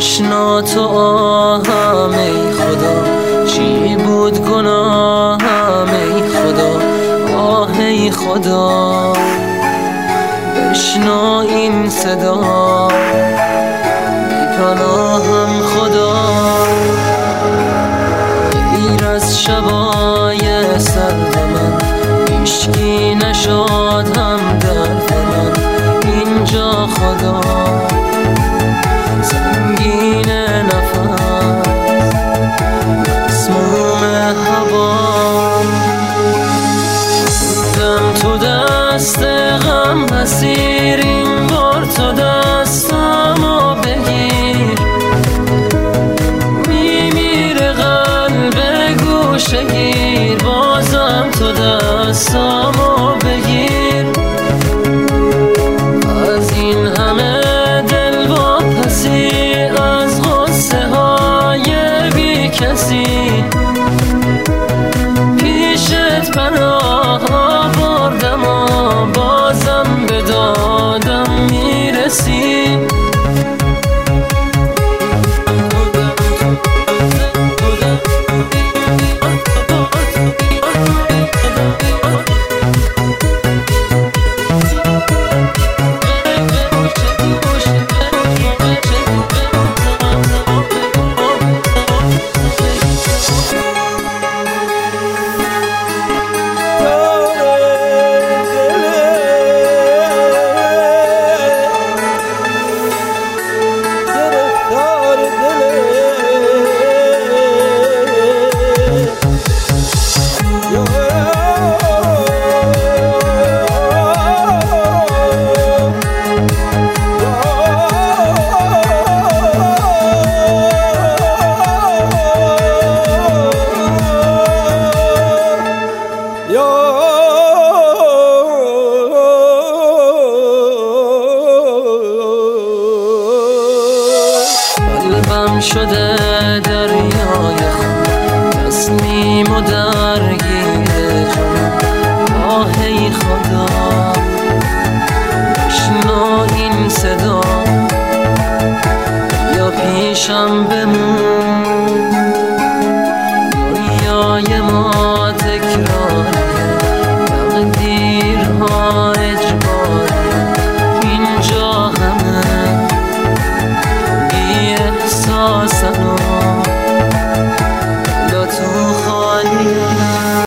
بشنا تو آهم ای خدا چی بود گناهم ای خدا آه ای خدا بشنا این صدا هم خدا دیر از شبای سرد من کی نشاد هم در من اینجا خدا دست غم بسیر این بار تو دستمو بگیر میمیره قلب گوشگیر بازم تو دستمو قلبم شده دریای خون تسلیم و درگیر آهی خدا اشنا این صدا یا پیشم بمون essa noite.